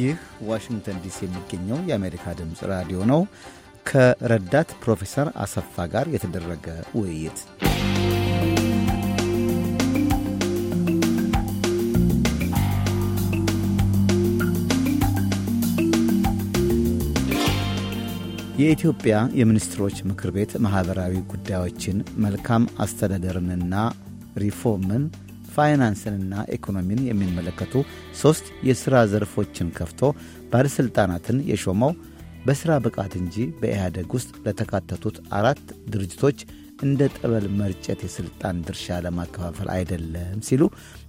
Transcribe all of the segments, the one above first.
ይህ ዋሽንግተን ዲሲ የሚገኘው የአሜሪካ ድምፅ ራዲዮ ነው። ከረዳት ፕሮፌሰር አሰፋ ጋር የተደረገ ውይይት የኢትዮጵያ የሚኒስትሮች ምክር ቤት ማኅበራዊ ጉዳዮችን፣ መልካም አስተዳደርንና ሪፎርምን፣ ፋይናንስንና ኢኮኖሚን የሚመለከቱ ሦስት የሥራ ዘርፎችን ከፍቶ ባለሥልጣናትን የሾመው በሥራ ብቃት እንጂ በኢህአደግ ውስጥ ለተካተቱት አራት ድርጅቶች እንደ ጠበል መርጨት የሥልጣን ድርሻ ለማከፋፈል አይደለም ሲሉ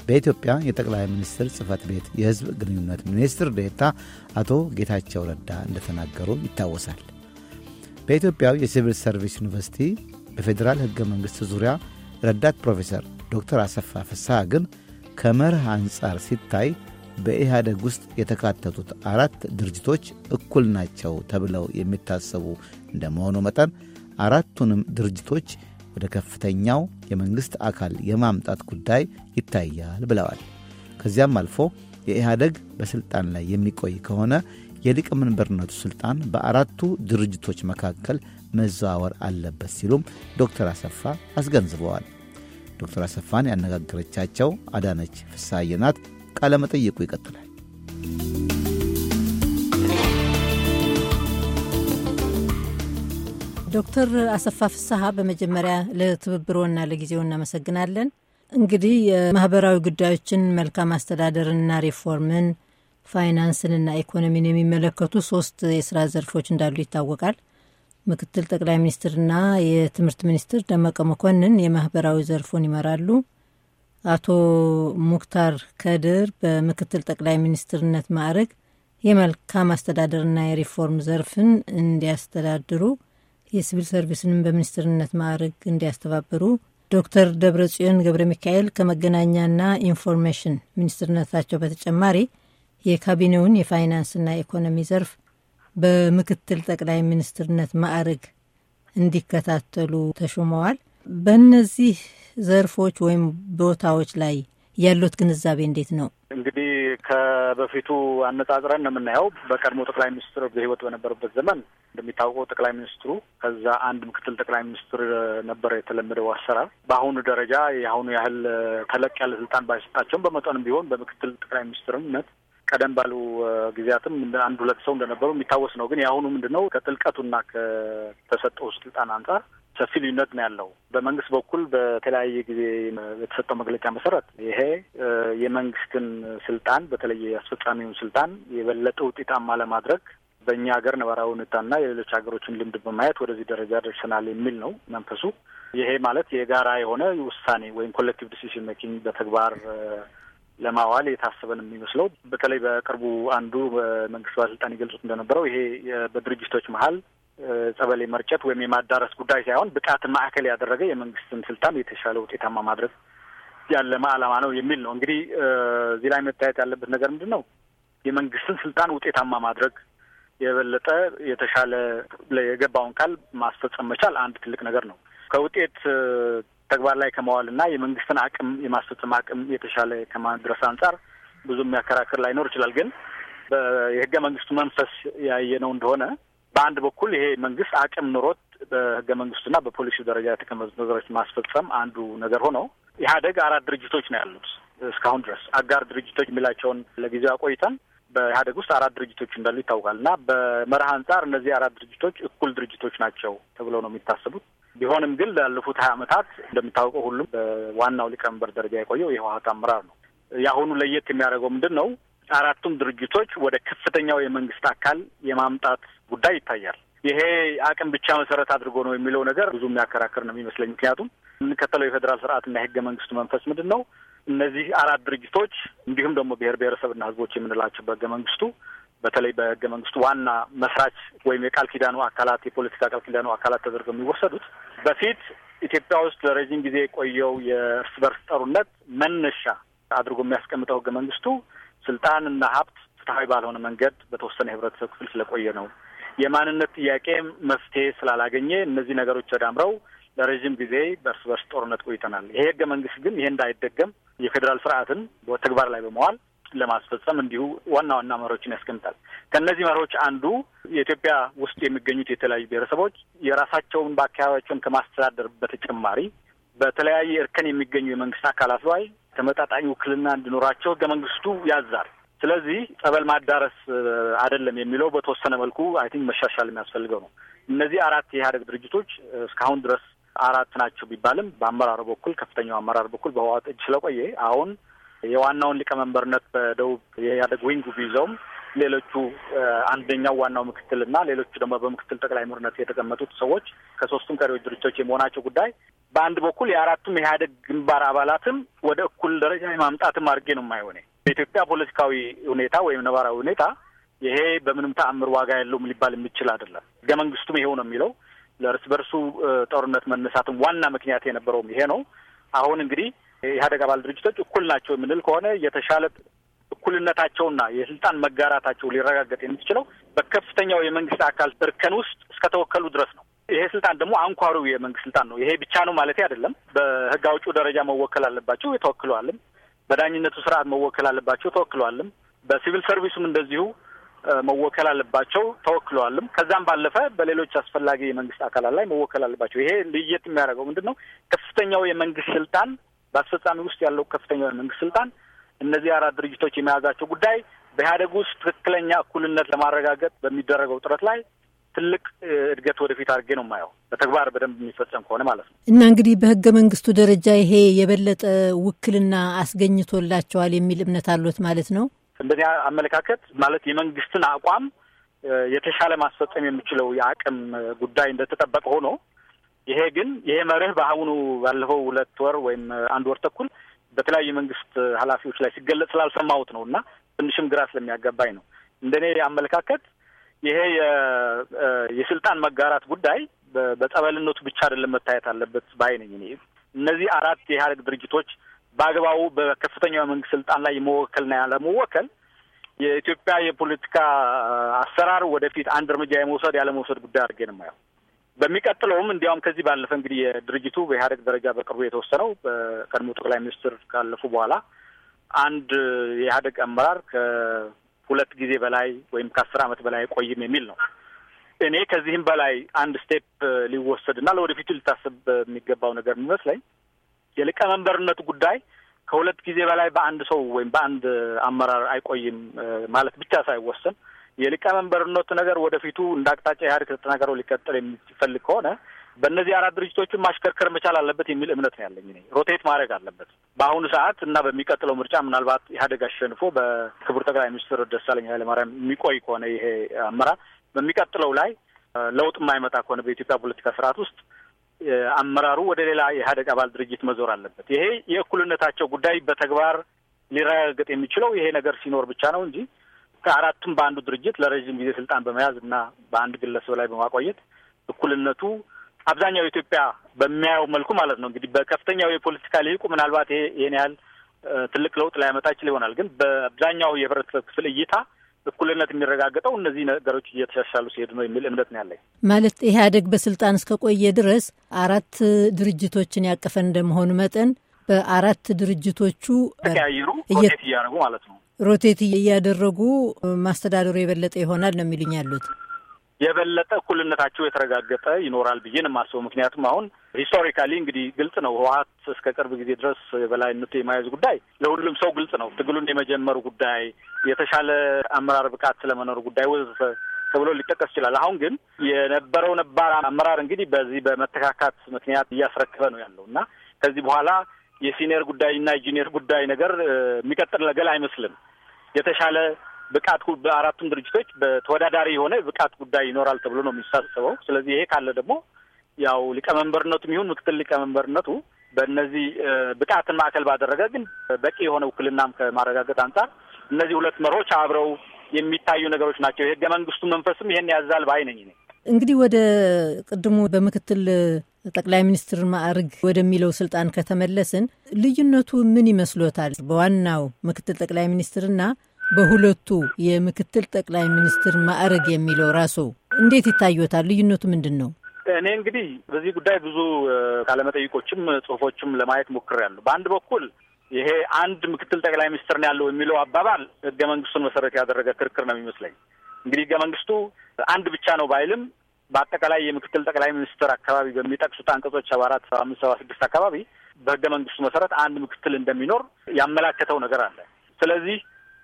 በኢትዮጵያ የጠቅላይ ሚኒስትር ጽህፈት ቤት የሕዝብ ግንኙነት ሚኒስትር ዴታ አቶ ጌታቸው ረዳ እንደተናገሩ ይታወሳል። በኢትዮጵያው የሲቪል ሰርቪስ ዩኒቨርሲቲ በፌዴራል ሕገ መንግሥት ዙሪያ ረዳት ፕሮፌሰር ዶክተር አሰፋ ፍስሐ ግን ከመርህ አንጻር ሲታይ በኢህአደግ ውስጥ የተካተቱት አራት ድርጅቶች እኩል ናቸው ተብለው የሚታሰቡ እንደ መሆኑ መጠን አራቱንም ድርጅቶች ወደ ከፍተኛው የመንግሥት አካል የማምጣት ጉዳይ ይታያል ብለዋል። ከዚያም አልፎ የኢህአደግ በሥልጣን ላይ የሚቆይ ከሆነ የሊቀመንበርነቱ ሥልጣን በአራቱ ድርጅቶች መካከል መዘዋወር አለበት ሲሉም ዶክተር አሰፋ አስገንዝበዋል። ዶክተር አሰፋን ያነጋገረቻቸው አዳነች ፍሳዬ ናት። ቃለመጠይቁ ይቀጥላል። ዶክተር አሰፋ ፍስሐ በመጀመሪያ ለትብብሮና ለጊዜው እናመሰግናለን። እንግዲህ የማህበራዊ ጉዳዮችን፣ መልካም አስተዳደርንና ሪፎርምን፣ ፋይናንስንና ኢኮኖሚን የሚመለከቱ ሶስት የስራ ዘርፎች እንዳሉ ይታወቃል። ምክትል ጠቅላይ ሚኒስትርና የትምህርት ሚኒስትር ደመቀ መኮንን የማህበራዊ ዘርፉን ይመራሉ። አቶ ሙክታር ከድር በምክትል ጠቅላይ ሚኒስትርነት ማዕረግ የመልካም አስተዳደርና የሪፎርም ዘርፍን እንዲያስተዳድሩ የሲቪል ሰርቪስንም በሚኒስትርነት ማዕረግ እንዲያስተባብሩ ዶክተር ደብረጽዮን ገብረ ሚካኤል ከመገናኛና ኢንፎርሜሽን ሚኒስትርነታቸው በተጨማሪ የካቢኔውን የፋይናንስና የኢኮኖሚ ዘርፍ በምክትል ጠቅላይ ሚኒስትርነት ማዕረግ እንዲከታተሉ ተሾመዋል። በእነዚህ ዘርፎች ወይም ቦታዎች ላይ ያሉት ግንዛቤ እንዴት ነው? እንግዲህ ከበፊቱ አነጻጽረን ነው የምናየው። በቀድሞ ጠቅላይ ሚኒስትር ህይወት በነበሩበት ዘመን እንደሚታወቀው ጠቅላይ ሚኒስትሩ ከዛ አንድ ምክትል ጠቅላይ ሚኒስትር ነበር የተለመደው አሰራር። በአሁኑ ደረጃ የአሁኑ ያህል ተለቅ ያለ ስልጣን ባይሰጣቸውም በመጠንም ቢሆን በምክትል ጠቅላይ ሚኒስትርነት ቀደም ባሉ ጊዜያትም አንድ ሁለት ሰው እንደነበሩ የሚታወስ ነው። ግን የአሁኑ ምንድን ነው ከጥልቀቱና ከተሰጠው ስልጣን አንጻር ሰፊ ልዩነት ነው ያለው። በመንግስት በኩል በተለያየ ጊዜ የተሰጠው መግለጫ መሰረት ይሄ የመንግስትን ስልጣን በተለየ አስፈጻሚውን ስልጣን የበለጠ ውጤታማ ለማድረግ በእኛ ሀገር ነባራዊ ሁኔታና የሌሎች ሀገሮችን ልምድ በማየት ወደዚህ ደረጃ ደርሰናል የሚል ነው መንፈሱ። ይሄ ማለት የጋራ የሆነ ውሳኔ ወይም ኮሌክቲቭ ዲሲሽን ሜኪንግ በተግባር ለማዋል የታሰበን የሚመስለው በተለይ በቅርቡ አንዱ መንግስት ባለስልጣን ይገልጹት እንደነበረው ይሄ በድርጅቶች መሀል ጸበሌ መርጨት ወይም የማዳረስ ጉዳይ ሳይሆን ብቃት ማዕከል ያደረገ የመንግስትን ስልጣን የተሻለ ውጤታማ ማድረግ ያለመ ዓላማ ነው የሚል ነው። እንግዲህ እዚህ ላይ መታየት ያለበት ነገር ምንድን ነው? የመንግስትን ስልጣን ውጤታማ ማድረግ የበለጠ የተሻለ የገባውን ቃል ማስፈጸም መቻል አንድ ትልቅ ነገር ነው። ከውጤት ተግባር ላይ ከመዋል እና የመንግስትን አቅም የማስፈጸም አቅም የተሻለ ከማድረስ አንጻር ብዙ የሚያከራክር ላይኖር ይችላል። ግን የህገ መንግስቱ መንፈስ ያየነው እንደሆነ በአንድ በኩል ይሄ መንግስት አቅም ኑሮት በህገ መንግስቱና በፖሊሲ ደረጃ የተቀመጡ ነገሮች ማስፈጸም አንዱ ነገር ሆኖ ኢህአደግ አራት ድርጅቶች ነው ያሉት እስካሁን ድረስ አጋር ድርጅቶች የሚላቸውን ለጊዜው አቆይተን በኢህአደግ ውስጥ አራት ድርጅቶች እንዳሉ ይታወቃል። እና በመርህ አንጻር እነዚህ አራት ድርጅቶች እኩል ድርጅቶች ናቸው ተብለው ነው የሚታሰቡት። ቢሆንም ግን ላለፉት ሀያ ዓመታት እንደሚታወቀው ሁሉም በዋናው ሊቀመንበር ደረጃ የቆየው የህወሀት አመራር ነው። የአሁኑ ለየት የሚያደርገው ምንድን ነው? አራቱም ድርጅቶች ወደ ከፍተኛው የመንግስት አካል የማምጣት ጉዳይ ይታያል። ይሄ አቅም ብቻ መሰረት አድርጎ ነው የሚለው ነገር ብዙ የሚያከራክር ነው የሚመስለኝ። ምክንያቱም የምንከተለው የፌዴራል ስርዓትና የህገ መንግስቱ መንፈስ ምንድን ነው? እነዚህ አራት ድርጅቶች እንዲሁም ደግሞ ብሔር ብሔረሰብና ህዝቦች የምንላቸው በህገ መንግስቱ በተለይ በህገ መንግስቱ ዋና መስራች ወይም የቃል ኪዳኑ አካላት የፖለቲካ ቃል ኪዳኑ አካላት ተደርገው የሚወሰዱት በፊት ኢትዮጵያ ውስጥ ለረዥም ጊዜ የቆየው የእርስ በርስ ጠሩነት መነሻ አድርጎ የሚያስቀምጠው ህገ መንግስቱ ስልጣንና ሀብት ፍትሐዊ ባልሆነ መንገድ በተወሰነ የህብረተሰብ ክፍል ስለቆየ ነው። የማንነት ጥያቄ መፍትሄ ስላላገኘ እነዚህ ነገሮች ተዳምረው ለረዥም ጊዜ በእርስ በርስ ጦርነት ቆይተናል። ይሄ ህገ መንግስት ግን ይሄ እንዳይደገም የፌዴራል ስርዓትን በተግባር ላይ በመዋል ለማስፈጸም እንዲሁ ዋና ዋና መሪዎችን ያስቀምጣል። ከእነዚህ መሪዎች አንዱ የኢትዮጵያ ውስጥ የሚገኙት የተለያዩ ብሔረሰቦች የራሳቸውን በአካባቢያቸውን ከማስተዳደር በተጨማሪ በተለያየ እርከን የሚገኙ የመንግስት አካላት ላይ ተመጣጣኝ ውክልና እንዲኖራቸው ህገ መንግስቱ ያዛል። ስለዚህ ጸበል ማዳረስ አይደለም የሚለው በተወሰነ መልኩ አይ ቲንክ መሻሻል የሚያስፈልገው ነው። እነዚህ አራት የኢህአደግ ድርጅቶች እስካሁን ድረስ አራት ናቸው ቢባልም በአመራር በኩል ከፍተኛው አመራር በኩል በህወሓት እጅ ስለቆየ አሁን የዋናውን ሊቀመንበርነት በደቡብ የኢህአደግ ዊንጉ ቢይዘውም ሌሎቹ አንደኛው ዋናው ምክትል እና ሌሎቹ ደግሞ በምክትል ጠቅላይ ምርነት የተቀመጡት ሰዎች ከሶስቱም ቀሪዎች ድርጅቶች የመሆናቸው ጉዳይ በአንድ በኩል የአራቱም ኢህአደግ ግንባር አባላትም ወደ እኩል ደረጃ የማምጣትም አድርጌ ነው የማይሆነ በኢትዮጵያ ፖለቲካዊ ሁኔታ ወይም ነባራዊ ሁኔታ ይሄ በምንም ተአምር ዋጋ ያለውም ሊባል የሚችል አይደለም። ህገ መንግስቱም ይሄው ነው የሚለው። ለእርስ በርሱ ጦርነት መነሳትም ዋና ምክንያት የነበረውም ይሄ ነው። አሁን እንግዲህ የኢህአዴግ አባል ድርጅቶች እኩል ናቸው የምንል ከሆነ የተሻለ እኩልነታቸውና የስልጣን መጋራታቸው ሊረጋገጥ የምትችለው በከፍተኛው የመንግስት አካል እርከን ውስጥ እስከተወከሉ ድረስ ነው። ይሄ ስልጣን ደግሞ አንኳሩ የመንግስት ስልጣን ነው። ይሄ ብቻ ነው ማለት አይደለም። በህግ አውጪው ደረጃ መወከል አለባቸው፣ ተወክለዋልም። በዳኝነቱ ስርዓት መወከል አለባቸው፣ ተወክለዋልም። በሲቪል ሰርቪሱም እንደዚሁ መወከል አለባቸው፣ ተወክለዋልም። ከዛም ባለፈ በሌሎች አስፈላጊ የመንግስት አካላት ላይ መወከል አለባቸው። ይሄ ልየት የሚያደርገው ምንድን ነው? ከፍተኛው የመንግስት ስልጣን በአስፈጻሚ ውስጥ ያለው ከፍተኛው የመንግስት ስልጣን እነዚህ አራት ድርጅቶች የመያዛቸው ጉዳይ በኢህአደግ ውስጥ ትክክለኛ እኩልነት ለማረጋገጥ በሚደረገው ጥረት ላይ ትልቅ እድገት ወደፊት አድርጌ ነው የማየው በተግባር በደንብ የሚፈጸም ከሆነ ማለት ነው። እና እንግዲህ በህገ መንግስቱ ደረጃ ይሄ የበለጠ ውክልና አስገኝቶላቸዋል የሚል እምነት አሎት ማለት ነው። እንደኔ አመለካከት ማለት የመንግስትን አቋም የተሻለ ማስፈጸም የሚችለው የአቅም ጉዳይ እንደተጠበቀ ሆኖ ይሄ ግን ይሄ መርህ በአሁኑ ባለፈው ሁለት ወር ወይም አንድ ወር ተኩል በተለያዩ የመንግስት ኃላፊዎች ላይ ሲገለጽ ስላልሰማሁት ነው እና ትንሽም ግራ ስለሚያገባኝ ነው። እንደኔ አመለካከት ይሄ የስልጣን መጋራት ጉዳይ በጠበልነቱ ብቻ አይደለም መታየት አለበት ባይ ነኝ እኔ። እነዚህ አራት የኢህአዴግ ድርጅቶች በአግባቡ በከፍተኛው የመንግስት ስልጣን ላይ የመወከልና ያለመወከል የኢትዮጵያ የፖለቲካ አሰራር ወደፊት አንድ እርምጃ የመውሰድ ያለመውሰድ ጉዳይ አድርጌ ነው የማየው። በሚቀጥለውም እንዲያውም ከዚህ ባለፈ እንግዲህ የድርጅቱ በኢህአዴግ ደረጃ በቅርቡ የተወሰነው በቀድሞ ጠቅላይ ሚኒስትር ካለፉ በኋላ አንድ የኢህአዴግ አመራር ከ ሁለት ጊዜ በላይ ወይም ከአስር ዓመት በላይ አይቆይም የሚል ነው። እኔ ከዚህም በላይ አንድ ስቴፕ ሊወሰድና ለወደፊቱ ሊታሰብ የሚገባው ነገር የሚመስለኝ የሊቀመንበርነቱ ጉዳይ ከሁለት ጊዜ በላይ በአንድ ሰው ወይም በአንድ አመራር አይቆይም ማለት ብቻ ሳይወሰን የሊቀመንበርነቱ ነገር ወደፊቱ እንደ አቅጣጫ ኢህአዴግ ተጠናክሮ ሊቀጥል የሚፈልግ ከሆነ በእነዚህ አራት ድርጅቶችን ማሽከርከር መቻል አለበት የሚል እምነት ነው ያለኝ። ሮቴት ማድረግ አለበት በአሁኑ ሰዓት እና በሚቀጥለው ምርጫ ምናልባት ኢህአዴግ አሸንፎ በክቡር ጠቅላይ ሚኒስትር ደሳለኝ ኃይለማርያም የሚቆይ ከሆነ ይሄ አመራር በሚቀጥለው ላይ ለውጥ የማይመጣ ከሆነ በኢትዮጵያ ፖለቲካ ስርዓት ውስጥ አመራሩ ወደ ሌላ የኢህአዴግ አባል ድርጅት መዞር አለበት። ይሄ የእኩልነታቸው ጉዳይ በተግባር ሊረጋገጥ የሚችለው ይሄ ነገር ሲኖር ብቻ ነው እንጂ ከአራቱም በአንዱ ድርጅት ለረዥም ጊዜ ስልጣን በመያዝ እና በአንድ ግለሰብ ላይ በማቆየት እኩልነቱ አብዛኛው ኢትዮጵያ በሚያየው መልኩ ማለት ነው እንግዲህ በከፍተኛው የፖለቲካ ልሂቁ ምናልባት ይሄን ያህል ትልቅ ለውጥ ላያመጣ ይችል ይሆናል። ግን በአብዛኛው የህብረተሰብ ክፍል እይታ እኩልነት የሚረጋገጠው እነዚህ ነገሮች እየተሻሻሉ ሲሄዱ ነው የሚል እምነት ነው ያለኝ። ማለት ኢህአዴግ በስልጣን እስከቆየ ድረስ አራት ድርጅቶችን ያቀፈ እንደመሆኑ መጠን በአራት ድርጅቶቹ ተቀያየሩ ሮቴት እያደረጉ ማለት ነው ሮቴት እያደረጉ ማስተዳደሩ የበለጠ ይሆናል ነው የሚሉኝ ያሉት። የበለጠ እኩልነታቸው የተረጋገጠ ይኖራል ብዬ ነው የማስበው። ምክንያቱም አሁን ሂስቶሪካሊ እንግዲህ ግልጽ ነው ህወሀት እስከ ቅርብ ጊዜ ድረስ የበላይነቱ የመያዝ ጉዳይ ለሁሉም ሰው ግልጽ ነው። ትግሉን የመጀመሩ ጉዳይ፣ የተሻለ አመራር ብቃት ስለመኖሩ ጉዳይ ወዘተ ተብሎ ሊጠቀስ ይችላል። አሁን ግን የነበረው ነባር አመራር እንግዲህ በዚህ በመተካካት ምክንያት እያስረከበ ነው ያለው እና ከዚህ በኋላ የሲኒየር ጉዳይ እና የጁኒየር ጉዳይ ነገር የሚቀጥል ነገር አይመስልም። የተሻለ ብቃት በአራቱም ድርጅቶች በተወዳዳሪ የሆነ ብቃት ጉዳይ ይኖራል ተብሎ ነው የሚሳሰበው። ስለዚህ ይሄ ካለ ደግሞ ያው ሊቀመንበርነቱም ይሁን ምክትል ሊቀመንበርነቱ በእነዚህ ብቃትን ማዕከል ባደረገ ግን በቂ የሆነ ውክልናም ከማረጋገጥ አንጻር እነዚህ ሁለት መርሆች አብረው የሚታዩ ነገሮች ናቸው። የህገ መንግስቱ መንፈስም ይሄን ያዛል ባይ ነኝ። እንግዲህ ወደ ቅድሙ በምክትል ጠቅላይ ሚኒስትር ማዕርግ ወደሚለው ስልጣን ከተመለስን ልዩነቱ ምን ይመስሎታል? በዋናው ምክትል ጠቅላይ ሚኒስትርና በሁለቱ የምክትል ጠቅላይ ሚኒስትር ማዕረግ የሚለው ራሱ እንዴት ይታዩታል? ልዩነቱ ምንድን ነው? እኔ እንግዲህ በዚህ ጉዳይ ብዙ ካለመጠይቆችም ጽሁፎችም ለማየት ሞክሬያለሁ። በአንድ በኩል ይሄ አንድ ምክትል ጠቅላይ ሚኒስትር ነው ያለው የሚለው አባባል ህገ መንግስቱን መሰረት ያደረገ ክርክር ነው የሚመስለኝ። እንግዲህ ህገ መንግስቱ አንድ ብቻ ነው ባይልም በአጠቃላይ የምክትል ጠቅላይ ሚኒስትር አካባቢ በሚጠቅሱት አንቀጾች ሰባ አራት ሰባ አምስት ሰባ ስድስት አካባቢ በህገ መንግስቱ መሰረት አንድ ምክትል እንደሚኖር ያመላከተው ነገር አለ። ስለዚህ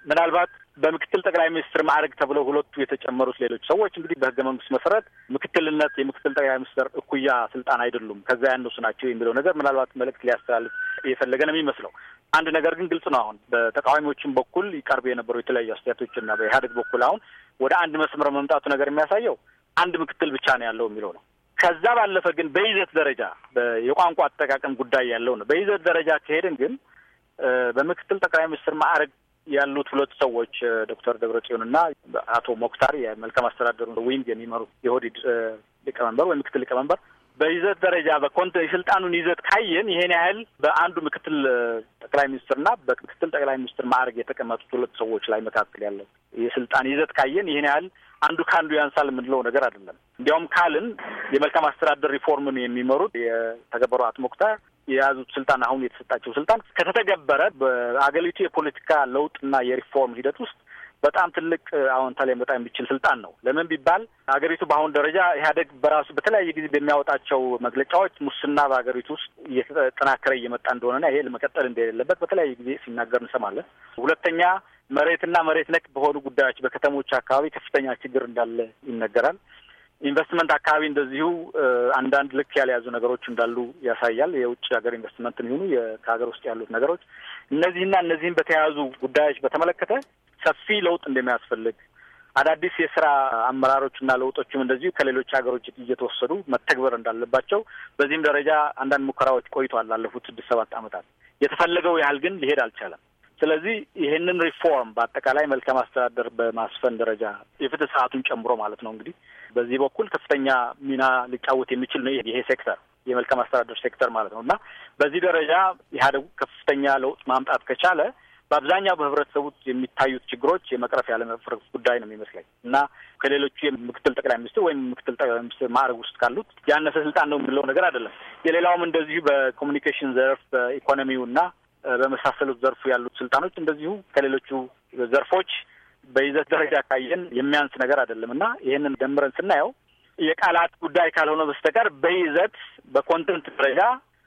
ምናልባት በምክትል ጠቅላይ ሚኒስትር ማዕረግ ተብለው ሁለቱ የተጨመሩት ሌሎች ሰዎች እንግዲህ በህገ መንግስት መሰረት ምክትልነት የምክትል ጠቅላይ ሚኒስትር እኩያ ስልጣን አይደሉም፣ ከዛ ያነሱ ናቸው የሚለው ነገር ምናልባት መልእክት ሊያስተላልፍ እየፈለገ ነው የሚመስለው። አንድ ነገር ግን ግልጽ ነው። አሁን በተቃዋሚዎችም በኩል ይቀርቡ የነበሩ የተለያዩ አስተያየቶች እና በኢህአዴግ በኩል አሁን ወደ አንድ መስመር መምጣቱ ነገር የሚያሳየው አንድ ምክትል ብቻ ነው ያለው የሚለው ነው። ከዛ ባለፈ ግን በይዘት ደረጃ የቋንቋ አጠቃቀም ጉዳይ ያለው ነው። በይዘት ደረጃ ከሄድን ግን በምክትል ጠቅላይ ሚኒስትር ማዕረግ ያሉት ሁለት ሰዎች ዶክተር ደብረጽዮን እና አቶ ሞክታር የመልካም አስተዳደሩ ዊንግ የሚመሩት የሆዲድ ሊቀመንበር ወይ ምክትል ሊቀመንበር በይዘት ደረጃ በኮንት የስልጣኑን ይዘት ካየን ይሄን ያህል በአንዱ ምክትል ጠቅላይ ሚኒስትርና በምክትል ጠቅላይ ሚኒስትር ማዕረግ የተቀመጡት ሁለት ሰዎች ላይ መካከል ያለው የስልጣን ይዘት ካየን ይሄን ያህል አንዱ ከአንዱ ያንሳል የምንለው ነገር አይደለም። እንዲያውም ካልን የመልካም አስተዳደር ሪፎርምን የሚመሩት የተከበሩ አቶ ሞክታር የያዙት ስልጣን አሁን የተሰጣቸው ስልጣን ከተተገበረ በአገሪቱ የፖለቲካ ለውጥና የሪፎርም ሂደት ውስጥ በጣም ትልቅ አዎንታ ላይ መጣ የሚችል ስልጣን ነው። ለምን ቢባል አገሪቱ በአሁን ደረጃ ኢህአደግ በራሱ በተለያየ ጊዜ በሚያወጣቸው መግለጫዎች ሙስና በሀገሪቱ ውስጥ እየተጠናከረ እየመጣ እንደሆነና ይሄ ለመቀጠል እንደሌለበት በተለያየ ጊዜ ሲናገር እንሰማለን። ሁለተኛ መሬትና መሬት ነክ በሆኑ ጉዳዮች በከተሞች አካባቢ ከፍተኛ ችግር እንዳለ ይነገራል። ኢንቨስትመንት አካባቢ እንደዚሁ አንዳንድ ልክ ያልያዙ ነገሮች እንዳሉ ያሳያል። የውጭ ሀገር ኢንቨስትመንትን ይሁኑ ከሀገር ውስጥ ያሉት ነገሮች እነዚህና እነዚህም በተያያዙ ጉዳዮች በተመለከተ ሰፊ ለውጥ እንደሚያስፈልግ አዳዲስ የስራ አመራሮችና ለውጦችም እንደዚሁ ከሌሎች ሀገሮች እየተወሰዱ መተግበር እንዳለባቸው በዚህም ደረጃ አንዳንድ ሙከራዎች ቆይተዋል ላለፉት ስድስት ሰባት ዓመታት የተፈለገው ያህል ግን ሊሄድ አልቻለም። ስለዚህ ይሄንን ሪፎርም በአጠቃላይ መልካም አስተዳደር በማስፈን ደረጃ የፍትህ ስርዓቱን ጨምሮ ማለት ነው እንግዲህ በዚህ በኩል ከፍተኛ ሚና ሊጫወት የሚችል ነው ይሄ ሴክተር የመልካም አስተዳደር ሴክተር ማለት ነው እና በዚህ ደረጃ ኢህአዴጉ ከፍተኛ ለውጥ ማምጣት ከቻለ በአብዛኛው በህብረተሰቡ የሚታዩት ችግሮች የመቅረፍ ያለመፍረፍ ጉዳይ ነው የሚመስለኝ እና ከሌሎቹ የምክትል ጠቅላይ ሚኒስትር ወይም ምክትል ጠቅላይ ሚኒስትር ማዕረግ ውስጥ ካሉት ያነሰ ስልጣን ነው የምለው ነገር አይደለም። የሌላውም እንደዚሁ በኮሚኒኬሽን ዘርፍ በኢኮኖሚው እና በመሳሰሉት ዘርፉ ያሉት ስልጣኖች እንደዚሁ ከሌሎቹ ዘርፎች በይዘት ደረጃ ካየን የሚያንስ ነገር አይደለም እና ይህንን ደምረን ስናየው የቃላት ጉዳይ ካልሆነ በስተቀር በይዘት በኮንተንት ደረጃ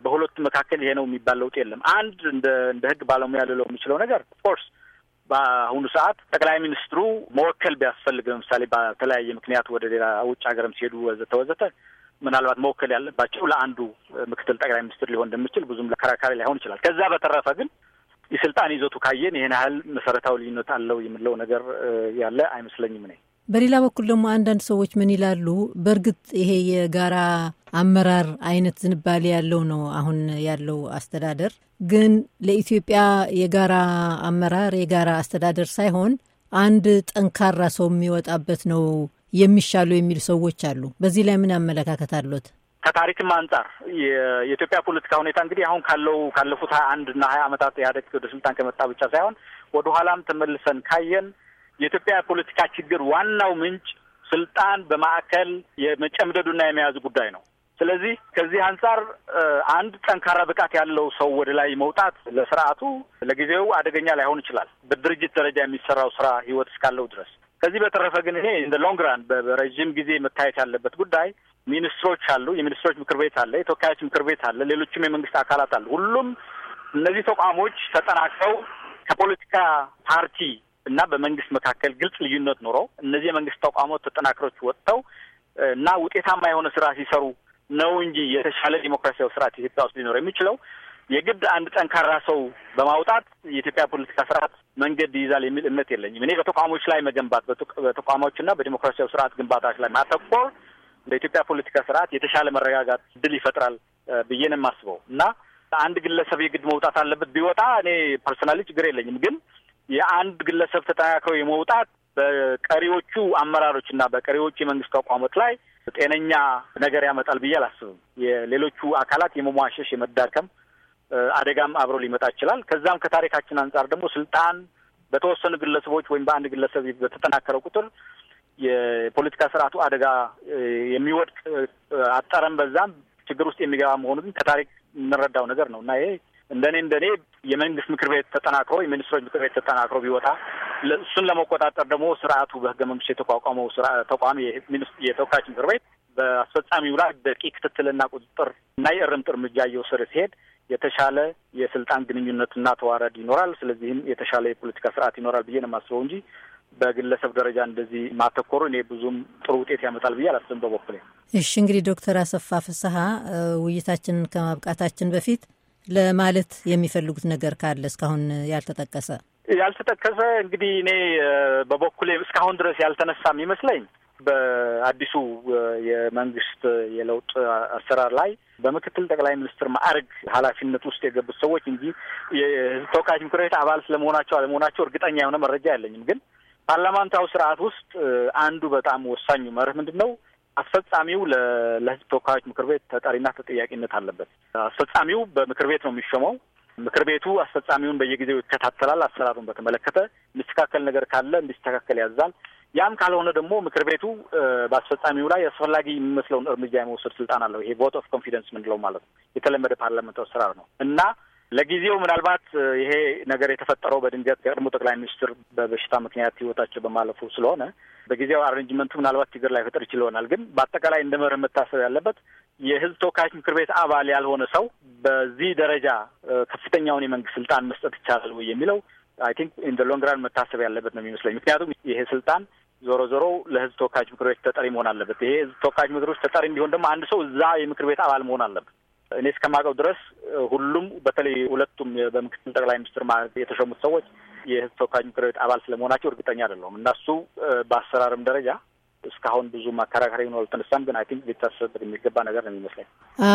በሁለቱ መካከል ይሄ ነው የሚባል ለውጥ የለም። አንድ እንደ እንደ ባለሙያ ልለው የሚችለው ነገር ኦፍኮርስ በአሁኑ ሰዓት ጠቅላይ ሚኒስትሩ መወከል ቢያስፈልግ ለምሳሌ በተለያየ ምክንያት ወደ ሌላ ውጭ ሀገርም ሲሄዱ ወዘተ ወዘተ ምናልባት መወከል ያለባቸው ለአንዱ ምክትል ጠቅላይ ሚኒስትር ሊሆን እንደሚችል ብዙም ለከራካሪ ላይሆን ይችላል። ከዛ በተረፈ ግን የስልጣን ይዘቱ ካየን ይህን ያህል መሰረታዊ ልዩነት አለው የምለው ነገር ያለ አይመስለኝም ነኝ። በሌላ በኩል ደግሞ አንዳንድ ሰዎች ምን ይላሉ? በእርግጥ ይሄ የጋራ አመራር አይነት ዝንባሌ ያለው ነው አሁን ያለው አስተዳደር። ግን ለኢትዮጵያ የጋራ አመራር የጋራ አስተዳደር ሳይሆን አንድ ጠንካራ ሰው የሚወጣበት ነው የሚሻሉ የሚሉ ሰዎች አሉ። በዚህ ላይ ምን አመለካከት አሉት? ከታሪክም አንጻር የኢትዮጵያ ፖለቲካ ሁኔታ እንግዲህ አሁን ካለው ካለፉት ሀያ አንድ እና ሀያ ዓመታት ኢህአዴግ ወደ ስልጣን ከመጣ ብቻ ሳይሆን ወደ ኋላም ተመልሰን ካየን የኢትዮጵያ ፖለቲካ ችግር ዋናው ምንጭ ስልጣን በማዕከል የመጨምደዱና የመያዙ ጉዳይ ነው። ስለዚህ ከዚህ አንጻር አንድ ጠንካራ ብቃት ያለው ሰው ወደ ላይ መውጣት ለስርዓቱ ለጊዜው አደገኛ ላይሆን ይችላል። በድርጅት ደረጃ የሚሰራው ስራ ህይወት እስካለው ድረስ ከዚህ በተረፈ ግን ይሄ እንደ ሎንግ ራን በረዥም ጊዜ መታየት ያለበት ጉዳይ ሚኒስትሮች አሉ፣ የሚኒስትሮች ምክር ቤት አለ፣ የተወካዮች ምክር ቤት አለ፣ ሌሎችም የመንግስት አካላት አሉ። ሁሉም እነዚህ ተቋሞች ተጠናክረው ከፖለቲካ ፓርቲ እና በመንግስት መካከል ግልጽ ልዩነት ኖሮ እነዚህ የመንግስት ተቋሞች ተጠናክሮች ወጥተው እና ውጤታማ የሆነ ስራ ሲሰሩ ነው እንጂ የተሻለ ዲሞክራሲያዊ ስርዓት ኢትዮጵያ ውስጥ ሊኖር የሚችለው የግድ አንድ ጠንካራ ሰው በማውጣት የኢትዮጵያ ፖለቲካ ስርዓት መንገድ ይይዛል የሚል እምነት የለኝም። እኔ በተቋሞች ላይ መገንባት፣ በተቋሞችና በዲሞክራሲያዊ ስርዓት ግንባታዎች ላይ ማተኮር ለኢትዮጵያ ፖለቲካ ስርዓት የተሻለ መረጋጋት እድል ይፈጥራል ብዬ ነው የማስበው እና አንድ ግለሰብ የግድ መውጣት አለበት ቢወጣ እኔ ፐርሶናሊ ችግር የለኝም። ግን የአንድ ግለሰብ ተጠናክረው የመውጣት በቀሪዎቹ አመራሮች እና በቀሪዎቹ የመንግስት ተቋሞች ላይ ጤነኛ ነገር ያመጣል ብዬ አላስብም። የሌሎቹ አካላት የመሟሸሽ የመዳከም አደጋም አብሮ ሊመጣ ይችላል። ከዛም ከታሪካችን አንጻር ደግሞ ስልጣን በተወሰኑ ግለሰቦች ወይም በአንድ ግለሰብ በተጠናከረ ቁጥር የፖለቲካ ስርዓቱ አደጋ የሚወድቅ አጠረም በዛም ችግር ውስጥ የሚገባ መሆኑ ግን ከታሪክ የምንረዳው ነገር ነው እና ይሄ እንደኔ እንደኔ የመንግስት ምክር ቤት ተጠናክሮ የሚኒስትሮች ምክር ቤት ተጠናክሮ ቢወጣ እሱን ለመቆጣጠር ደግሞ ስርዓቱ በህገ መንግስት የተቋቋመው ተቋም የተወካዮች ምክር ቤት በአስፈጻሚው ላይ በቂ ክትትልና ቁጥጥር እና የእርምት እርምጃ እየወሰደ ሲሄድ የተሻለ የስልጣን ግንኙነትና ተዋረድ ይኖራል። ስለዚህም የተሻለ የፖለቲካ ስርዓት ይኖራል ብዬ ነው የማስበው እንጂ በግለሰብ ደረጃ እንደዚህ ማተኮሩ እኔ ብዙም ጥሩ ውጤት ያመጣል ብዬ አላስብም በበኩሌ። እሺ እንግዲህ ዶክተር አሰፋ ፍስሀ ውይይታችንን ከማብቃታችን በፊት ለማለት የሚፈልጉት ነገር ካለ እስካሁን ያልተጠቀሰ ያልተጠቀሰ እንግዲህ እኔ በበኩሌ እስካሁን ድረስ ያልተነሳም ይመስለኝ በአዲሱ የመንግስት የለውጥ አሰራር ላይ በምክትል ጠቅላይ ሚኒስትር ማዕረግ ኃላፊነት ውስጥ የገቡት ሰዎች እንጂ የህዝብ ተወካዮች ምክር ቤት አባል ስለመሆናቸው አለመሆናቸው እርግጠኛ የሆነ መረጃ የለኝም። ግን ፓርላማንታዊ ስርዓት ውስጥ አንዱ በጣም ወሳኙ መርህ ምንድን ነው? አስፈጻሚው ለህዝብ ተወካዮች ምክር ቤት ተጠሪና ተጠያቂነት አለበት። አስፈጻሚው በምክር ቤት ነው የሚሾመው። ምክር ቤቱ አስፈጻሚውን በየጊዜው ይከታተላል። አሰራሩን በተመለከተ የሚስተካከል ነገር ካለ እንዲስተካከል ያዛል። ያም ካልሆነ ደግሞ ምክር ቤቱ በአስፈጻሚው ላይ አስፈላጊ የሚመስለውን እርምጃ የመውሰድ ስልጣን አለው። ይሄ ቮት ኦፍ ኮንፊደንስ ምንለው ማለት ነው። የተለመደ ፓርላመንት አሰራር ነው እና ለጊዜው ምናልባት ይሄ ነገር የተፈጠረው በድንገት የቀድሞ ጠቅላይ ሚኒስትር በበሽታ ምክንያት ህይወታቸው በማለፉ ስለሆነ በጊዜው አሬንጅመንቱ ምናልባት ችግር ላይ ፈጠር ይችል ይሆናል። ግን በአጠቃላይ እንደ መርህ መታሰብ ያለበት የህዝብ ተወካዮች ምክር ቤት አባል ያልሆነ ሰው በዚህ ደረጃ ከፍተኛውን የመንግስት ስልጣን መስጠት ይቻላል ወይ የሚለው አይ ቲንክ ኢን ሎንግ ራን መታሰብ ያለበት ነው የሚመስለኝ። ምክንያቱም ይሄ ስልጣን ዞሮ ዞሮ ለህዝብ ተወካዮች ምክር ቤት ተጠሪ መሆን አለበት። ይሄ ህዝብ ተወካዮች ምክር ቤት ተጠሪ እንዲሆን ደግሞ አንድ ሰው እዛ የምክር ቤት አባል መሆን አለበት። እኔ እስከማውቀው ድረስ ሁሉም በተለይ ሁለቱም በምክትል ጠቅላይ ሚኒስትር ማለት የተሾሙት ሰዎች የህዝብ ተወካዮች ምክር ቤት አባል ስለመሆናቸው እርግጠኛ አይደለሁም እነሱ በአሰራርም ደረጃ እስካሁን ብዙ ማከራከሪ ሆኖ አልተነሳም። ግን አይ ቲንክ ሊታሰብበት የሚገባ ነገር ነው የሚመስለኝ።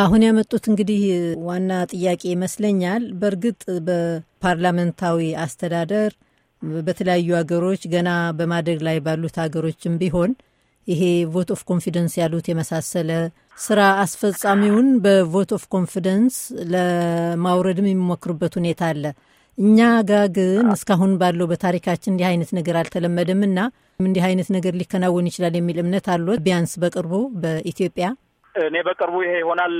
አሁን ያመጡት እንግዲህ ዋና ጥያቄ ይመስለኛል። በእርግጥ በፓርላመንታዊ አስተዳደር በተለያዩ ሀገሮች ገና በማደግ ላይ ባሉት ሀገሮችም ቢሆን ይሄ ቮት ኦፍ ኮንፊደንስ ያሉት የመሳሰለ ስራ አስፈጻሚውን በቮት ኦፍ ኮንፊደንስ ለማውረድም የሚሞክሩበት ሁኔታ አለ። እኛ ጋ ግን እስካሁን ባለው በታሪካችን እንዲህ አይነት ነገር አልተለመደም እና እንዲህ አይነት ነገር ሊከናወን ይችላል የሚል እምነት አሎት? ቢያንስ በቅርቡ በኢትዮጵያ እኔ በቅርቡ ይሄ ይሆናል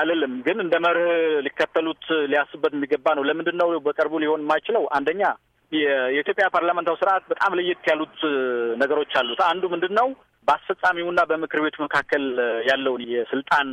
አልልም፣ ግን እንደ መርህ ሊከተሉት ሊያስበት የሚገባ ነው። ለምንድን ነው በቅርቡ ሊሆን የማይችለው? አንደኛ የኢትዮጵያ ፓርላመንታዊ ስርዓት በጣም ለየት ያሉት ነገሮች አሉት። አንዱ ምንድን ነው በአስፈጻሚውና በምክር ቤቱ መካከል ያለውን የስልጣን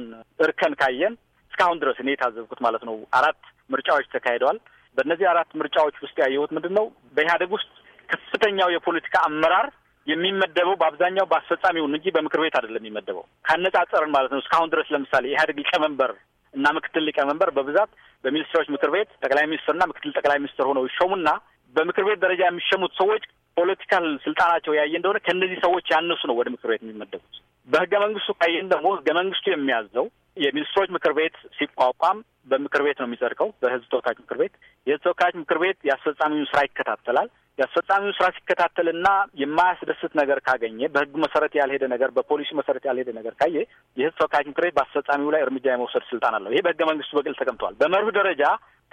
እርከን ካየን እስካሁን ድረስ እኔ የታዘብኩት ማለት ነው አራት ምርጫዎች ተካሂደዋል። በእነዚህ አራት ምርጫዎች ውስጥ ያየሁት ምንድን ነው በኢህአዴግ ውስጥ ከፍተኛው የፖለቲካ አመራር የሚመደበው በአብዛኛው በአስፈጻሚውን እንጂ በምክር ቤት አይደለም የሚመደበው። ካነጻጸርን ማለት ነው እስካሁን ድረስ ለምሳሌ ኢህአዴግ ሊቀመንበር እና ምክትል ሊቀመንበር በብዛት በሚኒስትሮች ምክር ቤት ጠቅላይ ሚኒስትርና ምክትል ጠቅላይ ሚኒስትር ሆነው ይሾሙና በምክር ቤት ደረጃ የሚሸሙት ሰዎች ፖለቲካል ስልጣናቸው ያየ እንደሆነ ከእነዚህ ሰዎች ያነሱ ነው ወደ ምክር ቤት የሚመደቡት። በህገ መንግስቱ ካየን ደግሞ ህገ መንግስቱ የሚያዘው የሚኒስትሮች ምክር ቤት ሲቋቋም በምክር ቤት ነው የሚጸድቀው፣ በህዝብ ተወካዮች ምክር ቤት። የህዝብ ተወካዮች ምክር ቤት የአስፈጻሚውን ስራ ይከታተላል። የአስፈጻሚውን ስራ ሲከታተልና የማያስደስት ነገር ካገኘ፣ በህግ መሰረት ያልሄደ ነገር፣ በፖሊሲ መሰረት ያልሄደ ነገር ካየ የህዝብ ተወካዮች ምክር ቤት በአስፈጻሚው ላይ እርምጃ የመውሰድ ስልጣን አለው። ይሄ በህገ መንግስቱ በግልጽ ተቀምጠዋል። በመርህ ደረጃ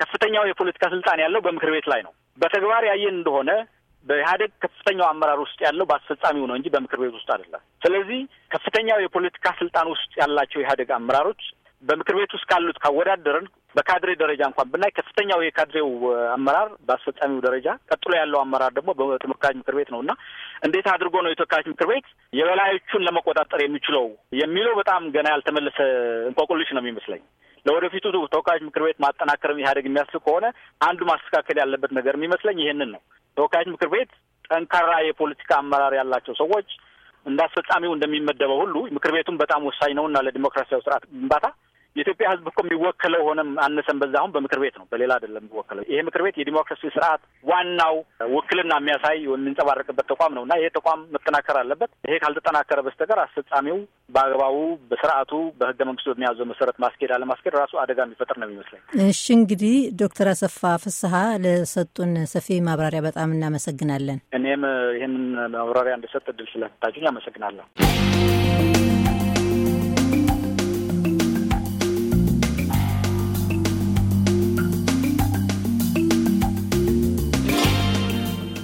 ከፍተኛው የፖለቲካ ስልጣን ያለው በምክር ቤት ላይ ነው። በተግባር ያየን እንደሆነ በኢህአደግ ከፍተኛው አመራር ውስጥ ያለው በአስፈጻሚው ነው እንጂ በምክር ቤት ውስጥ አይደለም። ስለዚህ ከፍተኛው የፖለቲካ ስልጣን ውስጥ ያላቸው ኢህአዴግ አመራሮች በምክር ቤት ውስጥ ካሉት ካወዳደርን በካድሬ ደረጃ እንኳን ብናይ ከፍተኛው የካድሬው አመራር በአስፈጻሚው ደረጃ፣ ቀጥሎ ያለው አመራር ደግሞ በተወካዮች ምክር ቤት ነው እና እንዴት አድርጎ ነው የተወካዮች ምክር ቤት የበላዮቹን ለመቆጣጠር የሚችለው የሚለው በጣም ገና ያልተመለሰ እንቆቅልሽ ነው የሚመስለኝ። ለወደፊቱ ተወካዮች ምክር ቤት ማጠናከርም ኢህአዴግ የሚያስችል ከሆነ አንዱ ማስተካከል ያለበት ነገር የሚመስለኝ ይህንን ነው። ተወካዮች ምክር ቤት ጠንካራ የፖለቲካ አመራር ያላቸው ሰዎች እንደ አስፈጻሚው እንደሚመደበው ሁሉ ምክር ቤቱም በጣም ወሳኝ ነውና ለዲሞክራሲያዊ ስርዓት ግንባታ የኢትዮጵያ ሕዝብ እኮ የሚወከለው ሆነም አነሰን በዛ አሁን በምክር ቤት ነው፣ በሌላ አይደለም የሚወከለው። ይሄ ምክር ቤት የዲሞክራሲ ስርዓት ዋናው ውክልና የሚያሳይ የሚንጸባረቅበት ተቋም ነው እና ይሄ ተቋም መጠናከር አለበት። ይሄ ካልተጠናከረ በስተቀር አስፈጻሚው በአግባቡ በስርዓቱ በህገ መንግስቱ በሚያዘው መሰረት ማስኬድ አለማስኬድ ራሱ አደጋ የሚፈጥር ነው የሚመስለኝ። እሺ እንግዲህ ዶክተር አሰፋ ፍስሀ ለሰጡን ሰፊ ማብራሪያ በጣም እናመሰግናለን። እኔም ይህንን ማብራሪያ እንደሰጥ እድል ስለታችሁኝ አመሰግናለሁ።